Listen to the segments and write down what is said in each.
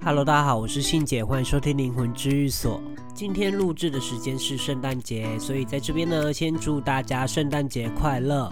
Hello，大家好，我是信姐，歡迎收聽靈魂治癒所。今天錄製的時間是聖誕節，所以在這邊呢，先祝大家聖誕節快樂。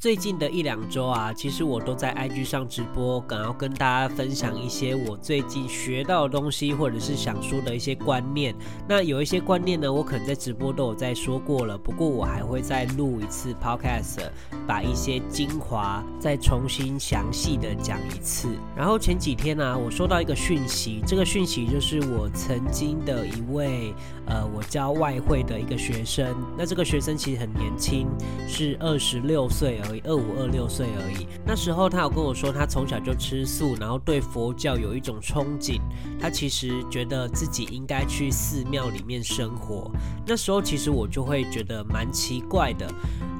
最近的一兩週啊，其實我都在 IG 上直播，想要跟大家分享一些我最近學到的東西，或者是想說的一些觀念。那有一些觀念呢，我可能在直播都有在說過了，不過我還會再錄一次 Podcast，把一些精華再重新詳細的講一次。然後前幾天呢、啊，我收到一個訊息，這個訊息就是我曾經的一位呃，我教外匯的一個學生。那這個學生其實很年輕，是二十六歲啊。二五二六歲而已。那時候他有跟我說，他從小就吃素，然後對佛教有一種憧憬。他其實覺得自己應該去寺廟裡面生活。那時候其實我就會覺得蠻奇怪的。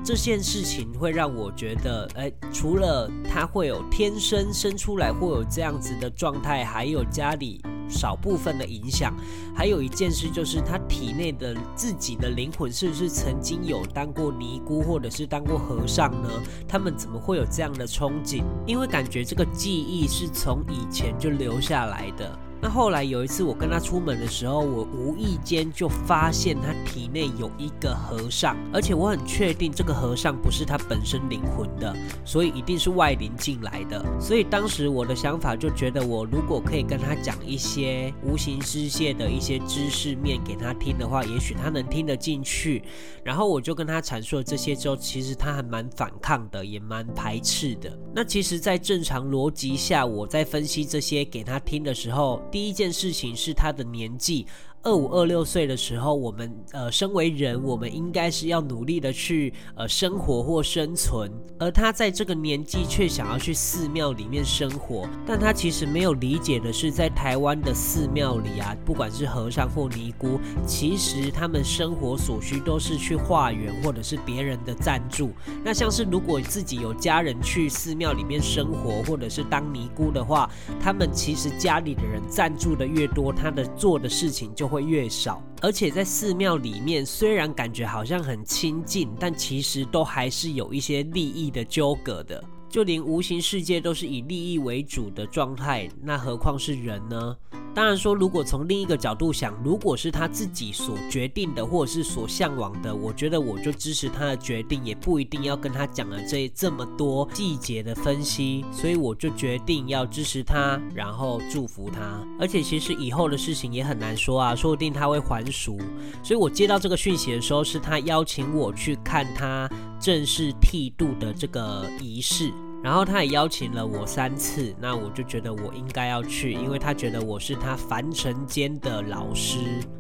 這件事情會讓我覺得，誒、欸，除了他會有天生生出來會有這樣子的狀態，還有家裡少部分的影響。還有一件事就是他。體內的自己的靈魂是不是曾經有當過尼姑或者是當過和尚呢？他們怎麼會有這樣的憧憬？因為感覺這個記憶是從以前就留下來的。那後來有一次，我跟他出門的時候，我無意間就發現他體內有一個和尚，而且我很確定這個和尚不是他本身靈魂的，所以一定是外靈進來的。所以當時我的想法就覺得，我如果可以跟他講一些無形世界的一些知識面給他聽的話，也許他能聽得進去。然後我就跟他闡述了這些之後，其實他還蠻反抗的，也蠻排斥的。那其實，在正常邏輯下，我在分析這些給他聽的時候。第一件事情是他的年紀。二五二六歲的時候，我們呃，身為人，我們應該是要努力的去呃生活或生存。而他在這個年紀卻想要去寺廟裡面生活，但他其實沒有理解的是，在台灣的寺廟裡啊，不管是和尚或尼姑，其實他們生活所需都是去化緣或者是別人的贊助。那像是如果自己有家人去寺廟裡面生活或者是當尼姑的話，他們其實家裡的人贊助的越多，他的做的事情就會越少，而且在寺廟裡面，雖然感覺好像很親近，但其實都還是有一些利益的糾葛的。就連無形世界都是以利益為主的狀態，那何況是人呢？當然說，如果從另一個角度想，如果是他自己所決定的，或者是所嚮往的，我覺得我就支持他的決定，也不一定要跟他講了這這麼多細節的分析。所以我就決定要支持他，然後祝福他。而且其實以後的事情也很難說啊，說不定他會還俗。所以我接到這個訊息的時候，是他邀請我去看他正式剃度的這個儀式。然後他也邀請了我三次，那我就覺得我應該要去，因為他覺得我是他凡塵間的老師，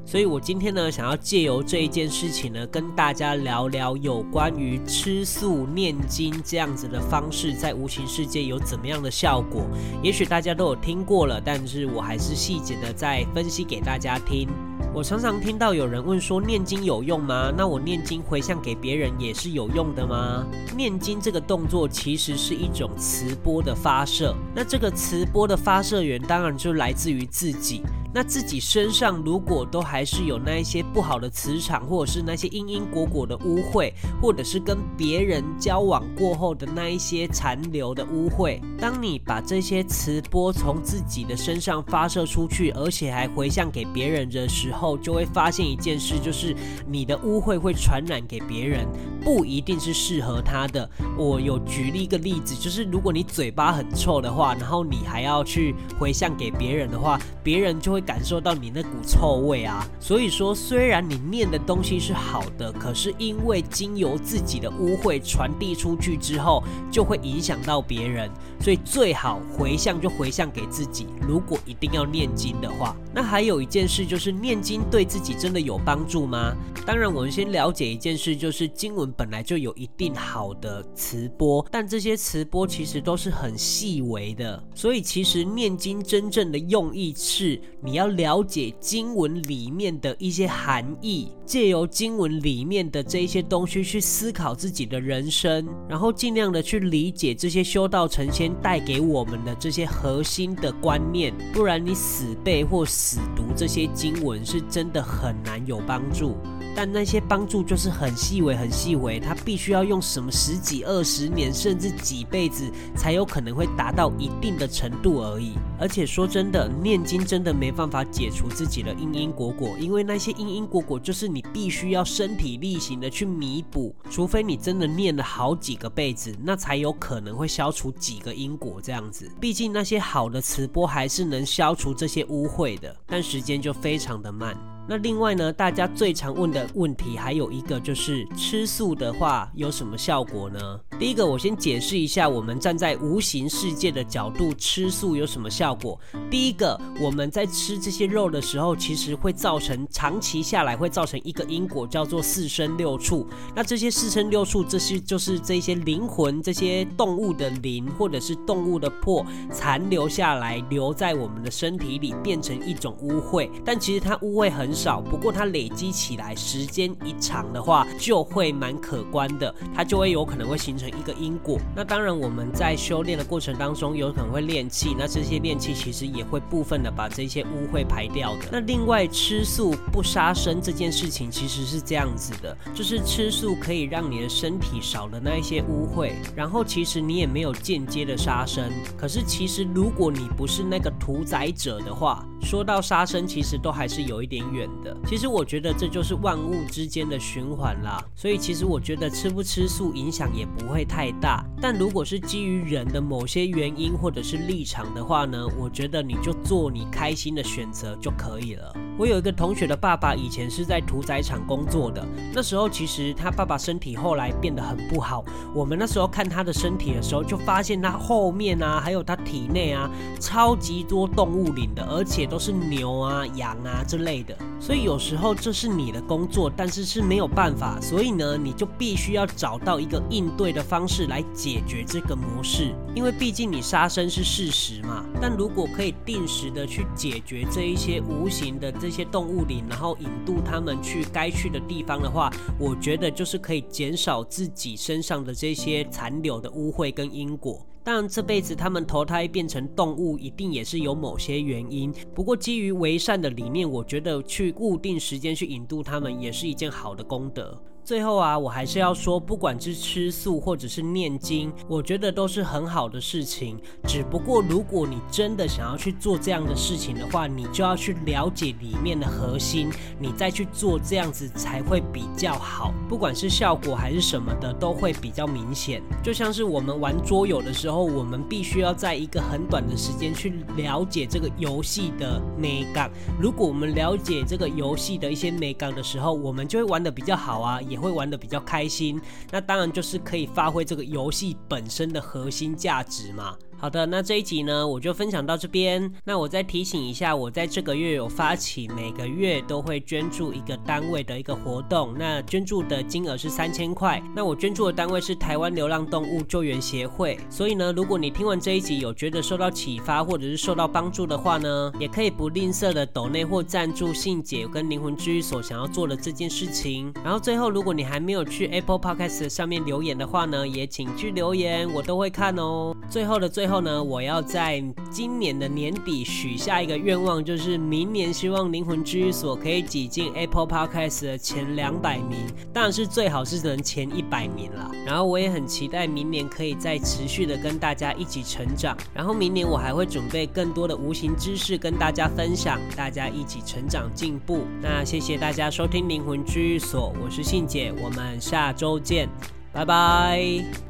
所以我今天呢，想要借由這一件事情呢，跟大家聊聊有關於吃素念經這樣子的方式，在無形世界有怎麼樣的效果。也許大家都有聽過了，但是我還是細節的再分析給大家聽。我常常聽到有人問說：念經有用嗎？那我念經回向給別人也是有用的嗎？念經這個動作其實是一種磁波的發射，那這個磁波的發射源當然就來自於自己。那自己身上如果都還是有那一些不好的磁場，或者是那些因因果果的污穢，或者是跟別人交往過後的那一些殘留的污穢，當你把這些磁波從自己的身上發射出去，而且還回向給別人的時候，就會發現一件事，就是你的污穢會傳染給別人，不一定是適合他的。我有舉例一個例子，就是如果你嘴巴很臭的話，然後你還要去回向給別人的話，別人就會。感受到你那股臭味啊！所以說，雖然你念的東西是好的，可是因為經由自己的污穢傳遞出去之後，就會影響到別人，所以最好回向，就回向給自己。如果一定要念經的話。那還有一件事，就是念經對自己真的有幫助嗎？當然，我們先了解一件事，就是經文本來就有一定好的磁波，但這些磁波其實都是很細微的。所以，其實念經真正的用意是，你要了解經文裡面的一些含義，借由經文裡面的這些東西去思考自己的人生，然後盡量的去理解這些修道成仙帶給我們的這些核心的觀念。不然，你死背或死。死讀這些經文是真的很難有幫助，但那些幫助就是很細微、很細微，他必須要用什麼十幾、二十年，甚至幾輩子，才有可能會達到一定的程度而已。而且說真的，念經真的沒辦法解除自己的因因果果，因為那些因因果果就是你必須要身體力行的去彌補，除非你真的念了好幾個輩子，那才有可能會消除幾個因果這樣子。畢竟那些好的磁波還是能消除這些污穢的。但時間就非常的慢。那另外呢，大家最常問的問題還有一個就是，吃素的話有什麼效果呢？第一個，我先解釋一下，我們站在無形世界的角度，吃素有什麼效果？第一個，我們在吃這些肉的時候，其實會造成長期下來會造成一個因果，叫做四生六畜。那這些四生六畜，這些就是這些靈魂，這些動物的靈或者是動物的魄殘留下來，留在我們的身體裡，變成一種污穢。但其實它污穢很少，不過它累積起來，時間一長的話，就會蠻可觀的，它就會有可能會形成。一個因果。那當然我們在修煉的過程當中有可能會練氣，那這些練氣其實也會部分的把這些污穢排掉的。那另外吃素不殺生這件事情其實是這樣子的，就是吃素可以讓你的身體少了那一些污穢，然後其實你也沒有間接的殺生。可是其實如果你不是那個屠宰者的話，說到殺生其實都還是有一點遠的。其實我覺得這就是萬物之間的循環啦，所以其實我覺得吃不吃素影響也不會太大，但如果是基於人的某些原因或者是立場的話呢，我覺得你就做你開心的選擇就可以了。我有一個同學的爸爸以前是在屠宰場工作的，那時候其實他爸爸身體後來變得很不好。我們那時候看他的身體的時候，就發現他後面啊，還有他體內啊，超級多動物靈的，而且都是牛啊、羊啊之類的。所以有時候這是你的工作，但是是沒有辦法，所以呢，你就必須要找到一個應對的。方式來解決這個模式，因為畢竟你殺生是事實嘛。但如果可以定時的去解決這一些無形的這些動物靈，然後引渡他們去該去的地方的話，我覺得就是可以減少自己身上的這些殘留的污穢跟因果。當然這輩子他們投胎變成動物，一定也是有某些原因。不過基於為善的理念，我覺得去固定時間去引渡他們也是一件好的功德。最後啊，我還是要說，不管是吃素或者是念經，我覺得都是很好的事情。只不過如果你真的想要去做這樣的事情的話，你就要去了解裡面的核心，你再去做這樣子才會比較好。不管是效果還是什麼的，都會比較明顯。就像是我們玩桌遊的時候，我們必須要在一個很短的時間去了解這個遊戲的美感。如果我們了解這個遊戲的一些美感的時候，我們就會玩得比較好啊，也。會玩得比較開心，那當然就是可以發揮這個遊戲本身的核心價值嘛。好的，那這一集呢，我就分享到這邊。那我再提醒一下，我在這個月有發起每個月都會捐助一個單位的一個活動，那捐助的金額是三千塊。那我捐助的單位是台灣流浪動物救援協會。所以呢，如果你聽完這一集有覺得受到啟發或者是受到幫助的話呢，也可以不吝嗇的抖內或贊助信姐跟靈魂治癒所想要做的這件事情。然後最後，如果你還沒有去 Apple Podcast 上面留言的話呢，也請去留言，我都會看哦。最後的最後。然後呢，我要在今年的年底許下一個願望，就是明年希望靈魂治癒所可以擠進 Apple Podcast 的前兩百名，但是最好是能前一百名了。然後我也很期待明年可以再持續的跟大家一起成長。然後明年我還會準備更多的無形知識跟大家分享，大家一起成長進步。那謝謝大家收聽靈魂治癒所，我是信姐，我們下週見，拜拜。